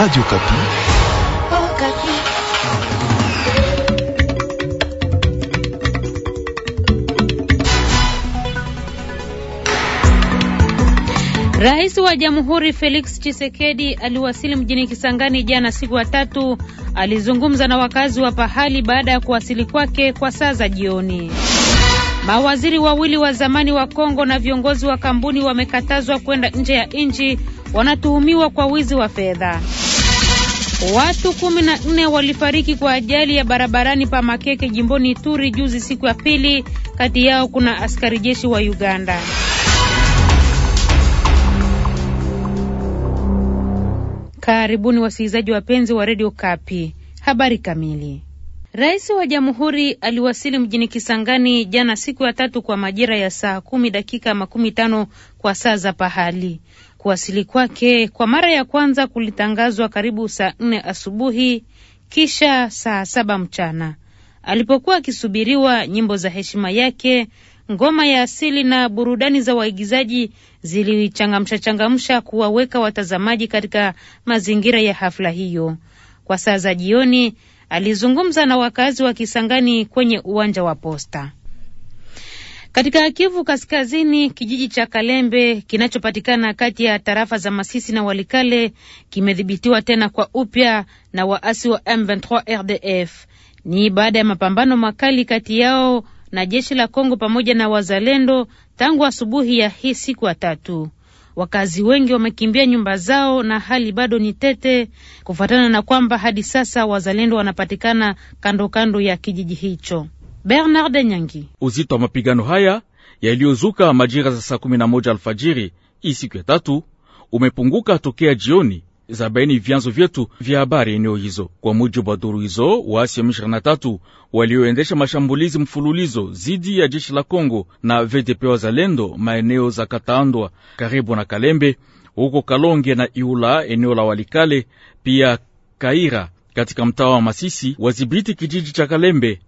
Radio Okapi. Rais wa Jamhuri Felix Tshisekedi aliwasili mjini Kisangani jana siku ya tatu. Alizungumza na wakazi wa pahali baada ya kuwasili kwake kwa saa za jioni. Mawaziri wawili wa zamani wa Kongo na viongozi wa kampuni wamekatazwa kwenda nje ya nchi, wanatuhumiwa kwa wizi wa fedha. Watu kumi na nne walifariki kwa ajali ya barabarani pa Makeke jimboni Ituri juzi siku ya pili. Kati yao kuna askari jeshi wa Uganda. Karibuni wasikilizaji wapenzi wa Radio Kapi. Habari kamili. Rais wa jamhuri aliwasili mjini Kisangani jana siku ya tatu kwa majira ya saa kumi dakika makumi tano kwa saa za pahali. Kuwasili kwake kwa mara ya kwanza kulitangazwa karibu saa nne asubuhi kisha saa saba mchana alipokuwa akisubiriwa. Nyimbo za heshima yake, ngoma ya asili na burudani za waigizaji zilichangamsha changamsha kuwaweka watazamaji katika mazingira ya hafla hiyo. Kwa saa za jioni alizungumza na wakazi wa Kisangani kwenye uwanja wa Posta. Katika Kivu Kaskazini, kijiji cha Kalembe kinachopatikana kati ya tarafa za Masisi na Walikale kimedhibitiwa tena kwa upya na waasi wa M23 RDF. Ni baada ya mapambano makali kati yao na jeshi la Kongo pamoja na wazalendo tangu asubuhi ya hii siku ya tatu. Wakazi wengi wamekimbia nyumba zao na hali bado ni tete, kufuatana na kwamba hadi sasa wazalendo wanapatikana kando kando ya kijiji hicho. Bernard Nyangi. Uzito wa mapigano haya yaliyozuka majira za saa 11 alfajiri hii siku ya tatu umepunguka tokea jioni za baini vyanzo vyetu vya habari eneo hizo. Kwa mujibu wa duru hizo, waasi wa M23 walioendesha mashambulizi mfululizo zidi ya jeshi la Kongo na VDP wazalendo maeneo za Katandwa karibu na Kalembe, huko Kalonge na Iula eneo la Walikale, pia Kaira katika mtaa wa Masisi, wadhibiti kijiji cha Kalembe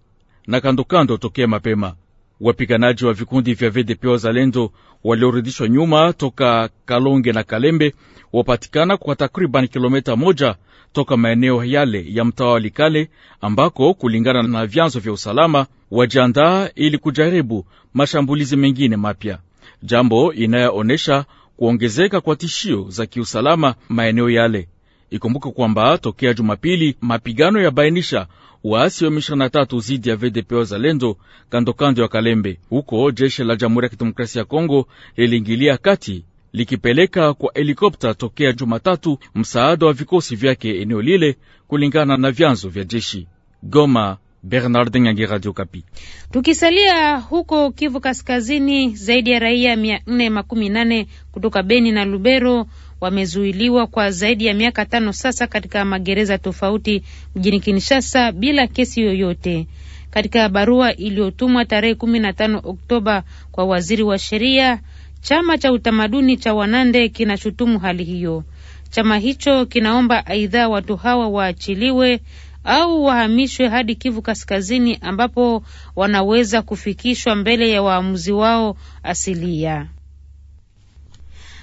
na kandokando tokea mapema. Wapiganaji wa vikundi vya VDP wazalendo waliorudishwa nyuma toka Kalonge na Kalembe wapatikana kwa takriban kilomita moja toka maeneo yale ya mtawa wa Likale ambako kulingana na vyanzo vya usalama wajiandaa ili kujaribu mashambulizi mengine mapya, jambo inayoonyesha kuongezeka kwa tishio za kiusalama maeneo yale. Ikumbuke kwamba tokea Jumapili mapigano bainisha waasi wa M23 zidi ya VDP wa zalendo kandokando ya Kalembe. Huko jeshi la Jamhuri ya Kidemokrasia ya Kongo liliingilia kati likipeleka kwa helikopta tokea Jumatatu msaada wa vikosi vyake eneo lile, kulingana na vyanzo vya jeshi. Goma, Bernard Nyangi, Radio Kapi. Tukisalia huko Kivu Kaskazini, zaidi ya raia 418 kutoka Beni na Lubero wamezuiliwa kwa zaidi ya miaka tano sasa katika magereza tofauti mjini Kinshasa bila kesi yoyote. Katika barua iliyotumwa tarehe kumi na tano Oktoba kwa waziri wa sheria, chama cha utamaduni cha Wanande kinashutumu hali hiyo. Chama hicho kinaomba aidha watu hawa waachiliwe au wahamishwe hadi Kivu Kaskazini ambapo wanaweza kufikishwa mbele ya waamuzi wao asilia.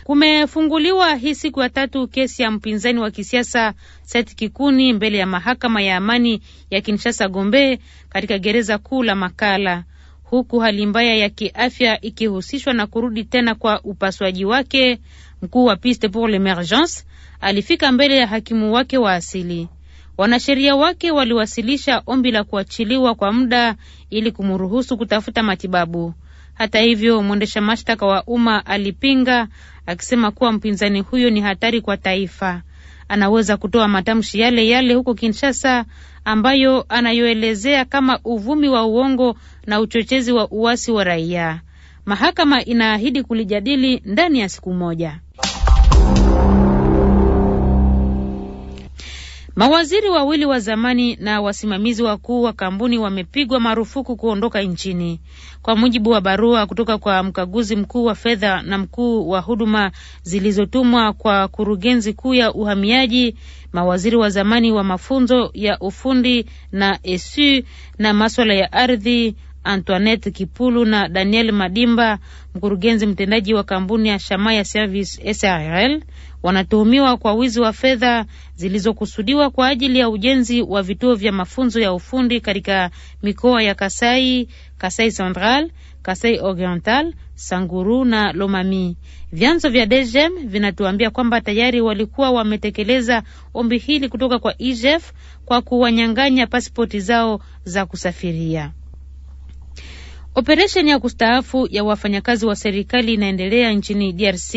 Kumefunguliwa hii siku ya tatu kesi ya mpinzani wa kisiasa Seth Kikuni mbele ya mahakama ya amani ya Kinshasa Gombe katika gereza kuu la Makala, huku hali mbaya ya kiafya ikihusishwa na kurudi tena kwa upasuaji wake. Mkuu wa Piste pour l'Emergence alifika mbele ya hakimu wake wa asili. Wanasheria wake waliwasilisha ombi la kuachiliwa kwa muda ili kumruhusu kutafuta matibabu. Hata hivyo, mwendesha mashtaka wa umma alipinga akisema kuwa mpinzani huyo ni hatari kwa taifa. Anaweza kutoa matamshi yale yale huko Kinshasa ambayo anayoelezea kama uvumi wa uongo na uchochezi wa uasi wa raia. Mahakama inaahidi kulijadili ndani ya siku moja. Mawaziri wawili wa zamani na wasimamizi wakuu wa kampuni wamepigwa marufuku kuondoka nchini, kwa mujibu wa barua kutoka kwa mkaguzi mkuu wa fedha na mkuu wa huduma zilizotumwa kwa kurugenzi kuu ya uhamiaji. Mawaziri wa zamani wa mafunzo ya ufundi na esu na maswala ya ardhi Antoinette Kipulu na Daniel Madimba, mkurugenzi mtendaji wa kampuni ya Shamaya Service SARL wanatuhumiwa kwa wizi wa fedha zilizokusudiwa kwa ajili ya ujenzi wa vituo vya mafunzo ya ufundi katika mikoa ya Kasai, Kasai Central, Kasai Oriental, Sanguru na Lomami. Vyanzo vya DGM vinatuambia kwamba tayari walikuwa wametekeleza ombi hili kutoka kwa IGF e kwa kuwanyang'anya pasipoti zao za kusafiria. Operesheni ya kustaafu ya wafanyakazi wa serikali inaendelea nchini DRC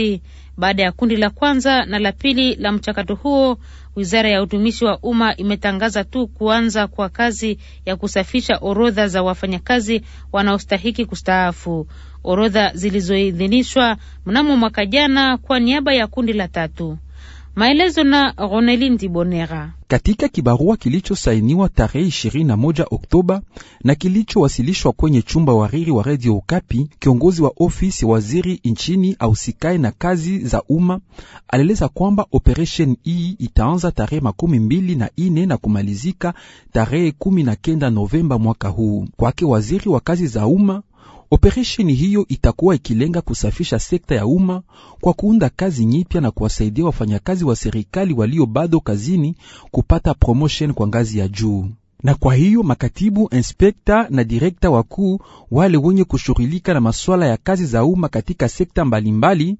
baada ya kundi la kwanza na la pili la mchakato huo. Wizara ya utumishi wa umma imetangaza tu kuanza kwa kazi ya kusafisha orodha za wafanyakazi wanaostahiki kustaafu, orodha zilizoidhinishwa mnamo mwaka jana kwa niaba ya kundi la tatu. Maelezo na Ronelin Dibonera. Katika kibarua kilichosainiwa tarehe 21 Oktoba na kilichowasilishwa kwenye chumba wariri wa redio Ukapi, kiongozi wa ofisi waziri nchini ausikae na kazi za umma alieleza kwamba operation hii itaanza tarehe makumi mbili na ine na kumalizika tarehe kumi na kenda Novemba mwaka huu. Kwake waziri wa kazi za umma Operesheni hiyo itakuwa ikilenga kusafisha sekta ya umma kwa kuunda kazi nyipya na kuwasaidia wafanyakazi wa serikali walio bado kazini kupata promotion kwa ngazi ya juu. Na kwa hiyo makatibu, inspekta na direkta wakuu wale wenye kushughulika na masuala ya kazi za umma katika sekta mbalimbali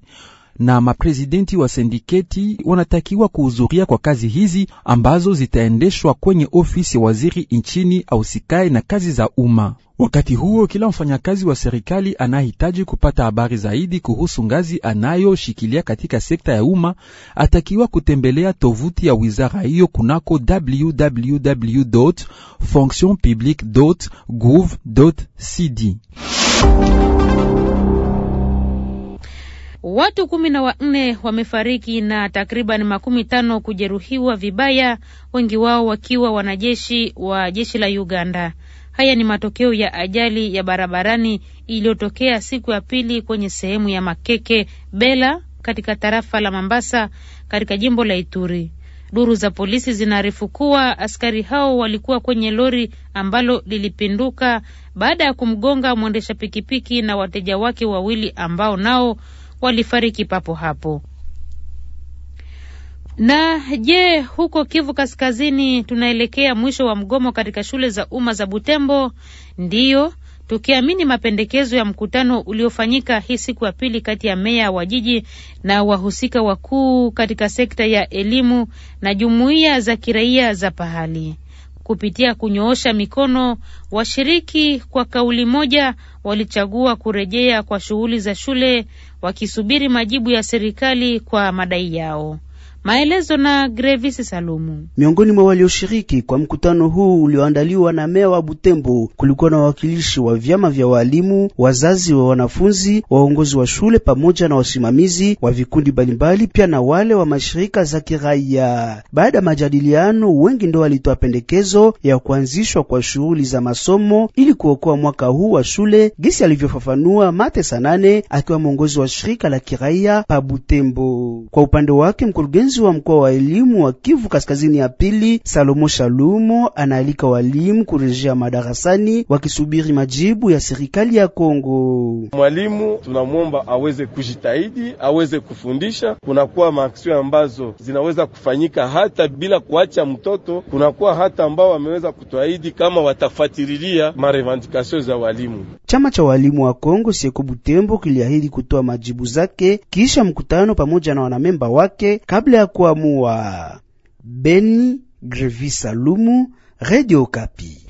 na maprezidenti wa sindiketi wanatakiwa kuhudhuria kwa kazi hizi ambazo zitaendeshwa kwenye ofisi ya waziri nchini ausikae na kazi za umma. Wakati huo kila mfanyakazi wa serikali anahitaji kupata habari zaidi kuhusu ngazi anayoshikilia katika sekta ya umma, atakiwa kutembelea tovuti ya wizara hiyo kunako www fonction gov cd. Watu kumi na wanne wamefariki na takriban makumi tano kujeruhiwa vibaya, wengi wao wakiwa wanajeshi wa jeshi la Uganda. Haya ni matokeo ya ajali ya barabarani iliyotokea siku ya pili kwenye sehemu ya Makeke Bela katika tarafa la Mambasa katika jimbo la Ituri. Duru za polisi zinaarifu kuwa askari hao walikuwa kwenye lori ambalo lilipinduka baada ya kumgonga mwendesha pikipiki na wateja wake wawili ambao nao walifariki papo hapo. Na je, huko Kivu Kaskazini tunaelekea mwisho wa mgomo katika shule za umma za Butembo? Ndiyo, tukiamini mapendekezo ya mkutano uliofanyika hii siku ya pili kati ya meya wa jiji na wahusika wakuu katika sekta ya elimu na jumuiya za kiraia za pahali kupitia kunyoosha mikono, washiriki kwa kauli moja walichagua kurejea kwa shughuli za shule wakisubiri majibu ya serikali kwa madai yao. Maelezo na Grevis Salumu. Miongoni mwa walioshiriki kwa mkutano huu ulioandaliwa na meya wa Butembo, kulikuwa na wawakilishi wa vyama vya walimu, wazazi wa wanafunzi, waongozi wa shule pamoja na wasimamizi wa vikundi mbalimbali, pia na wale wa mashirika za kiraia. Baada ya majadiliano, wengi ndio walitoa pendekezo ya kuanzishwa kwa shughuli za masomo ili kuokoa mwaka huu wa shule, gisi alivyofafanua Mate Sanane akiwa mwongozi wa shirika la kiraia pa Butembo. Kwa upande wake mkurugenzi kiongozi wa mkoa wa elimu wa Kivu Kaskazini ya pili Salomo Shalumo anaalika walimu kurejea madarasani wakisubiri majibu ya serikali ya Kongo. Mwalimu tunamwomba aweze kujitahidi, aweze kufundisha. Kunakuwa maaksio ambazo zinaweza kufanyika hata bila kuacha mtoto. Kunakuwa hata ambao wameweza kutuahidi kama watafuatililia marevendikasio za walimu. Chama cha walimu wa Kongo Sieko Butembo kiliahidi kutoa majibu zake kisha mkutano pamoja na wanamemba wake kabla ya kuamua. Beni, Grevisa Lumu, Radio Kapi.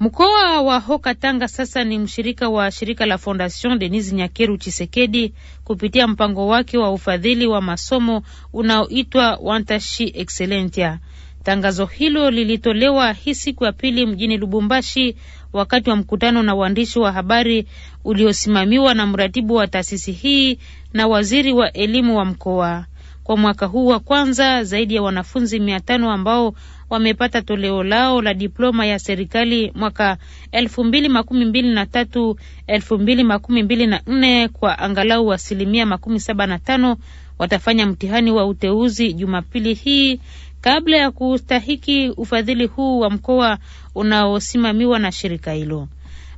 Mkoa wa Hoka Tanga sasa ni mshirika wa shirika la Fondation Denis Nyakeru Chisekedi kupitia mpango wake wa ufadhili wa masomo unaoitwa Wantashi Excellentia. Tangazo hilo lilitolewa hii siku ya pili mjini Lubumbashi wakati wa mkutano na waandishi wa habari uliosimamiwa na mratibu wa taasisi hii na waziri wa elimu wa mkoa. Kwa mwaka huu wa kwanza zaidi ya wanafunzi mia tano ambao wamepata toleo lao la diploma ya serikali mwaka elfu mbili makumi mbili na tatu elfu mbili makumi mbili na nne kwa angalau asilimia makumi saba na tano watafanya mtihani wa uteuzi Jumapili hii kabla ya kustahiki ufadhili huu wa mkoa unaosimamiwa na shirika hilo.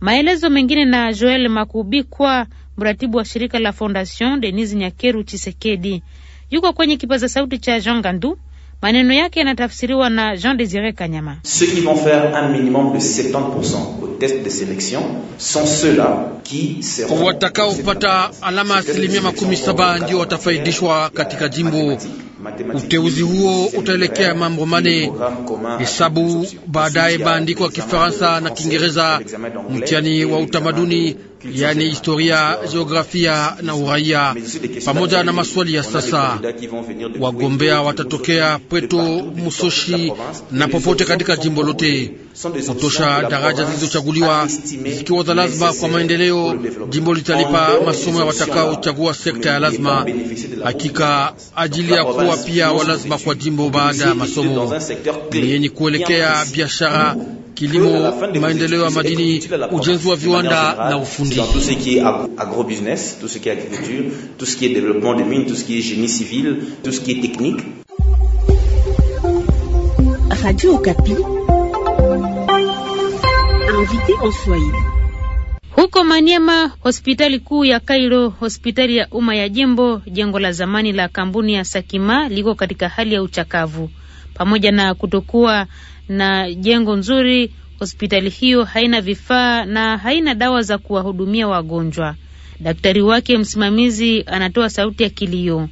Maelezo mengine na Joel Makubikwa, mratibu wa shirika la Fondation denis Nyakeru Chisekedi yuko kwenye kipaza sauti cha Jean Gandu Maneno yake yanatafsiriwa na Jean Desire Kanyama. ceux qui vont faire un minimum de 70% au test de sélection sont ceux-là qui seront, watakaopata alama asilimia makumi saba ndio watafaidishwa katika jimbo Uteuzi huo utaelekea mambo mane: hesabu, baadaye maandiko ya Kifaransa na Kiingereza, mtihani wa utamaduni, yaani historia, jiografia na uraia, pamoja na maswali ya sasa. Wagombea watatokea kwetu Musoshi na popote katika jimbo lote, kutosha daraja zilizochaguliwa zikiwa za lazima kwa maendeleo. Jimbo litalipa masomo ya watakaochagua sekta ya lazima, hakika ajili ya kuwa pia lazima kwa jimbo baada ya masomo ni yenye kuelekea biashara kilimo, maendeleo ya madini, ujenzi wa viwanda na ufundi. Radio Okapi. Huko Maniema, hospitali kuu ya Kairo, hospitali ya umma ya jimbo, jengo la zamani la kampuni ya Sakima liko katika hali ya uchakavu. Pamoja na kutokuwa na jengo nzuri, hospitali hiyo haina vifaa na haina dawa za kuwahudumia wagonjwa. Daktari wake msimamizi anatoa sauti ya kilio.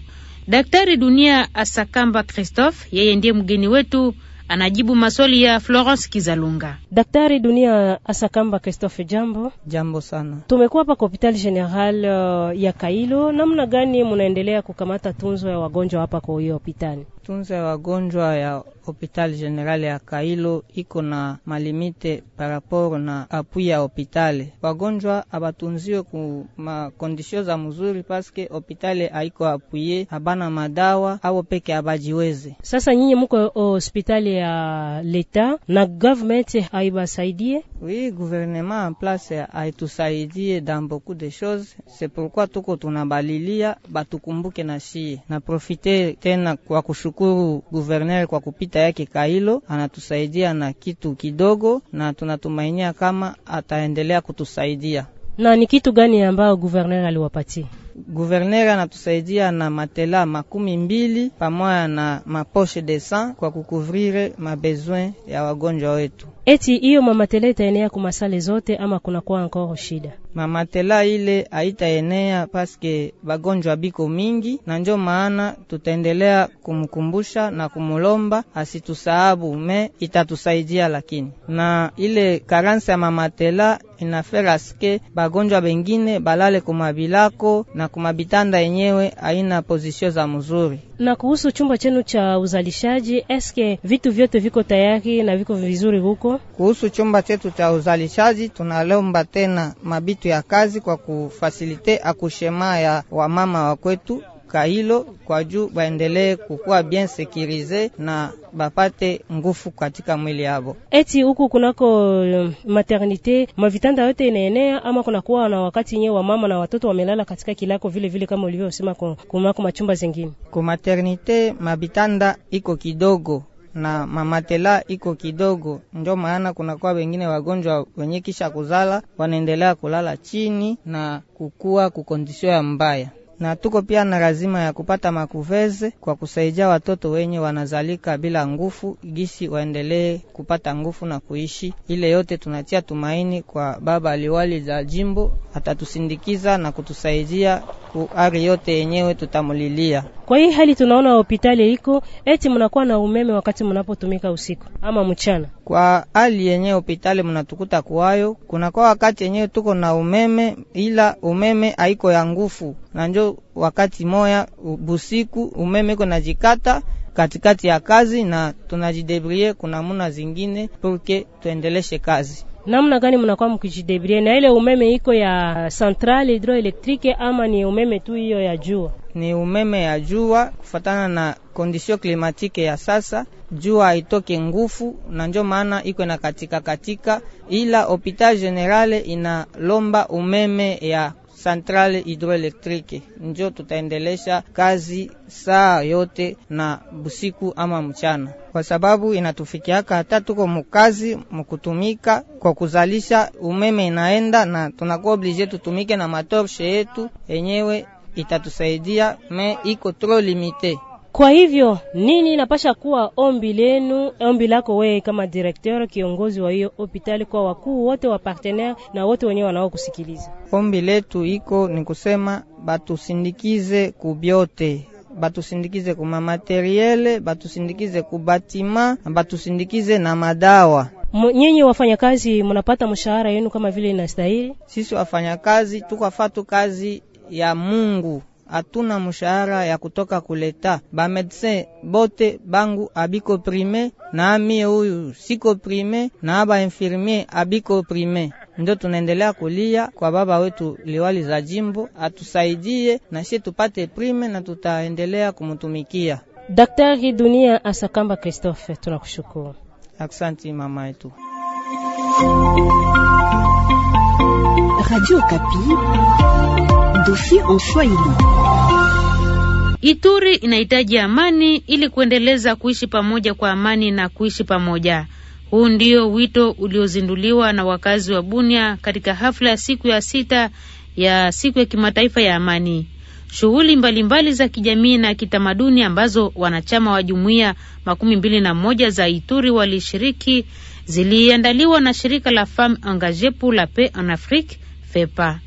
Daktari Dunia Asakamba Christophe, yeye ndiye mgeni wetu anajibu maswali ya Florence Kizalunga. Daktari Dunia Asakamba Christophe, jambo. Jambo sana. Tumekuwa hapa kwa hospitali general uh, ya Kailo, namna gani munaendelea kukamata tunzo ya wagonjwa hapa kwa hiyo hospitali? kutunza wagonjwa ya hopitali generale ya Kailo iko na malimite paraporo na apui ya hopitali. Wagonjwa abatunziwe ku makondisio za mzuri, paske hopitali haiko apuye, habana madawa au peke abajiweze. Sasa nyinyi muko hospitali ya leta na government haibasaidie? Oui, gouvernement en place haitusaidie dans beaucoup de choses, c'est pourquoi tuko tunabalilia batukumbuke na shie na profite tena kwa kushu tunamshukuru guverner kwa kupita yake Kailo, anatusaidia na kitu kidogo, na tunatumainia kama ataendelea kutusaidia. Na ni kitu gani ambayo guverner aliwapatia? guverner anatusaidia na matela makumi mbili pamoja na maposhe de sang kwa kukuvrire mabezwin ya wagonjwa wetu. Eti hiyo mamatela itaenea kumasale zote ama kunakuwa nkoro shida? Mamatela ile haitaenea paske bagonjwa biko mingi, na njo maana tutaendelea kumkumbusha na kumulomba asitusahabu, me itatusaidia lakini, na ile karansi ya mamatela inaferaske bagonjwa bengine balale kumabilako na na kumabitanda yenyewe haina pozisio za mzuri. Na kuhusu chumba chenu cha uzalishaji, eske vitu vyote viko tayari na viko vizuri huko? Kuhusu chumba chetu cha uzalishaji, tunalomba tena mabitu ya kazi kwa kufasilite akushema ya wamama wa kwetu Kailo kwa juu baendelee kukuwa bien sekirize na bapate ngufu katika mwili yabo. Eti huku kunako um, maternite mavitanda yote inaenea, ama kunakuwa na wakati nye wa mama na watoto wamelala katika kilako vile vile, kama ulivyosema kunako machumba zingine ku maternite mavitanda iko kidogo na mamatela iko kidogo, ndio maana kunakuwa wengine wagonjwa wenye kisha kuzala wanaendelea kulala chini na kukua kukondisio ya mbaya na tuko pia na lazima ya kupata makuveze kwa kusaidia watoto wenye wanazalika bila ngufu, gisi waendelee kupata ngufu na kuishi. Ile yote tunatia tumaini kwa baba aliwali za jimbo, atatusindikiza na kutusaidia siku ari yote yenyewe tutamulilia. Kwa hii hali tunaona hospitali iko eti mnakuwa na umeme wakati mnapotumika usiku ama mchana. Kwa hali yenyewe hospitali mnatukuta kuwayo kunakuwa wakati yenyewe tuko na umeme, ila umeme haiko ya ngufu, na njo wakati moya busiku umeme iko najikata katikati ya kazi, na tunajidebrie kuna muna zingine purke tuendeleshe kazi namna gani mnakuwa mkijidebrie na ile umeme iko ya centrale hydroelectrique ama ni umeme tu hiyo ya jua? Ni umeme ya jua kufatana na kondisio klimatike ya sasa, jua haitoke ngufu, na ndio maana iko na katika katika, ila hopital generale inalomba umeme ya centrale hidroelektrike njo tutaendelesha kazi saa yote na busiku ama mchana, kwa sababu inatufikiaka hata tuko mukazi mukutumika kwa kuzalisha umeme inaenda na tunakuwa oblige tutumike na matorshe yetu enyewe, itatusaidia me iko tro limite. Kwa hivyo nini inapasha kuwa ombi lenu, ombi lako wewe kama direkteur kiongozi wa hiyo hospitali, kwa wakuu wote wa partenaire na wote wenyewe wanaokusikiliza? Ombi letu iko ni kusema batusindikize kubyote batusindikize ku mamateriele, batusindikize ku batima, batusindikize na madawa. Nyinyi wafanyakazi mnapata mshahara yenu kama vile inastahili? Sisi wafanyakazi tukafatu kazi ya Mungu hatuna mushahara ya kutoka kuleta bamedse bote bangu abiko prime na mie huyu siko prime na ba infirmier abiko prime ndio tunaendelea kulia kwa baba wetu liwali za jimbo atusaidie na sie tupate prime na tutaendelea kumutumikia. Daktari Dunia Asakamba Christophe, tunakushukuru. Aksanti mama yetu. Radio Kapi. Dossier en Swahili. Ituri inahitaji amani ili kuendeleza kuishi pamoja kwa amani na kuishi pamoja. Huu ndio wito uliozinduliwa na wakazi wa Bunia katika hafla ya siku ya sita ya siku ya kimataifa ya amani. Shughuli mbalimbali za kijamii na kitamaduni ambazo wanachama wa jumuiya makumi mbili na moja za Ituri walishiriki ziliandaliwa na shirika la Femme Engage pour la Paix en Afrique, FEPA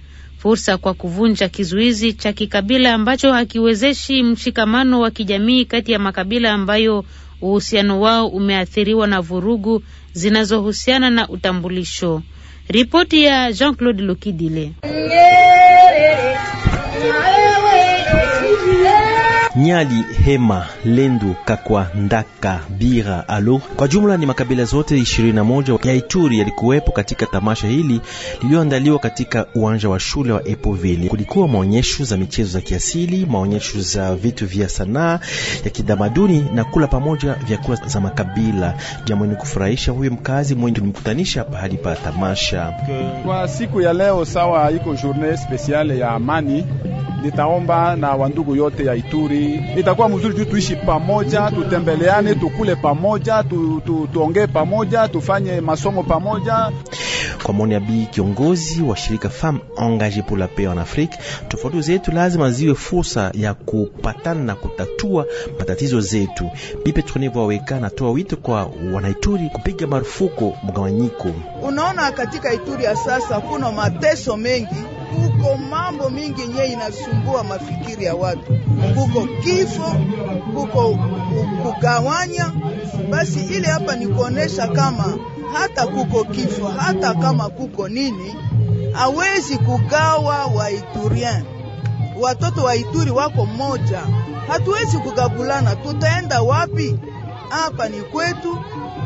fursa kwa kuvunja kizuizi cha kikabila ambacho hakiwezeshi mshikamano wa kijamii kati ya makabila ambayo uhusiano wao umeathiriwa na vurugu zinazohusiana na utambulisho. Ripoti ya Jean-Claude Lukidile. Yeah. Nyali, Hema, Lendu, Kakwa, Ndaka, Bira, alo Kwa jumla ni makabila zote 21 ya Ituri yalikuwepo katika tamasha hili lililoandaliwa katika uwanja wa shule wa Epoville. Kulikuwa maonyesho za michezo za kiasili, maonyesho za vitu vya sanaa ya kidamaduni na kula pamoja vyakula za makabila, jambo ni kufurahisha. Huyo mkazi mwenye tulimkutanisha pahali pa tamasha kwa siku ya leo, sawa, iko journee speciale ya amani nitaomba na wandugu yote ya Ituri, itakuwa mzuri juu tuishi pamoja, tutembeleane, tukule pamoja, tu, tu, tuongee pamoja, tufanye masomo pamoja. Kwa maoni ya Bi kiongozi wa shirika Femme Engagee pour la Paix en Afrique, tofauti zetu lazima ziwe fursa ya kupatana na kutatua matatizo zetu. Bi Petroni Vwaweka anatoa wito kwa wanaituri kupiga marufuku mgawanyiko. Unaona, katika Ituri ya sasa kuna mateso mengi kuko mambo mingi yenye inasumbua mafikiri ya watu, kuko kifo, kuko kugawanya. Basi ile hapa ni kuonesha kama hata kuko kifo, hata kama kuko nini, hawezi kugawa Waiturien. Watoto wa Ituri wako moja, hatuwezi kugabulana. Tutaenda wapi? Hapa ni kwetu,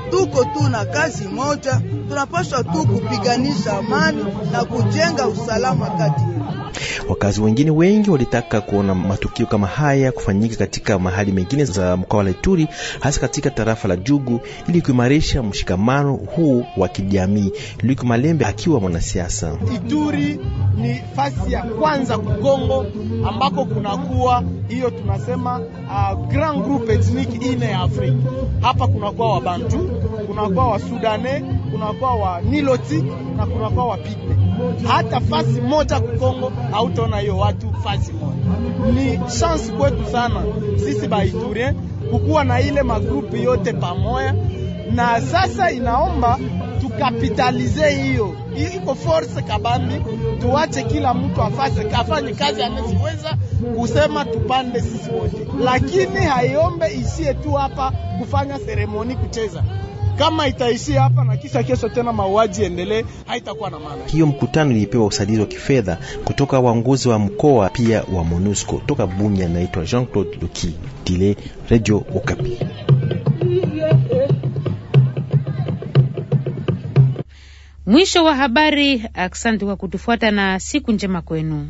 tuko tu na kazi moja, tunapaswa tu kupiganisha amani na kujenga usalama kati yetu. Wakazi wengine wengi walitaka kuona matukio kama haya kufanyika katika mahali mengine za mkoa wa Ituri, hasa katika tarafa la Jugu, ili kuimarisha mshikamano huu wa kijamii. Luke Malembe akiwa mwanasiasa Ituri ni fasi ya kwanza kugongo ambako kunakuwa hiyo tunasema uh, grand group ethnic ine ya Afrika. Hapa kunakuwa bantu kunakuwa sudane kunakuwa niloti na kunakuwa Pigme hata fasi moja kukongo hautaona hiyo watu fasi moja. Ni chance kwetu sana sisi baiturie kukuwa na ile magrupu yote pamoja, na sasa inaomba tukapitalize hiyo iko force kabambi, tuwache kila mtu afase kafanye kazi anaziweza kusema tupande sisi wote, lakini haiombe isiye tu hapa kufanya seremoni kucheza kama itaishia hapa na kisha kesho tena mauaji endelee, haitakuwa na maana. Hiyo mkutano ilipewa usaidizi wa kifedha kutoka waongozi wa mkoa pia wa MONUSCO. Toka Bunya, naitwa Jean-Claude Luki Tile, Radio Okapi. Mwisho wa habari. Asante kwa kutufuata na siku njema kwenu.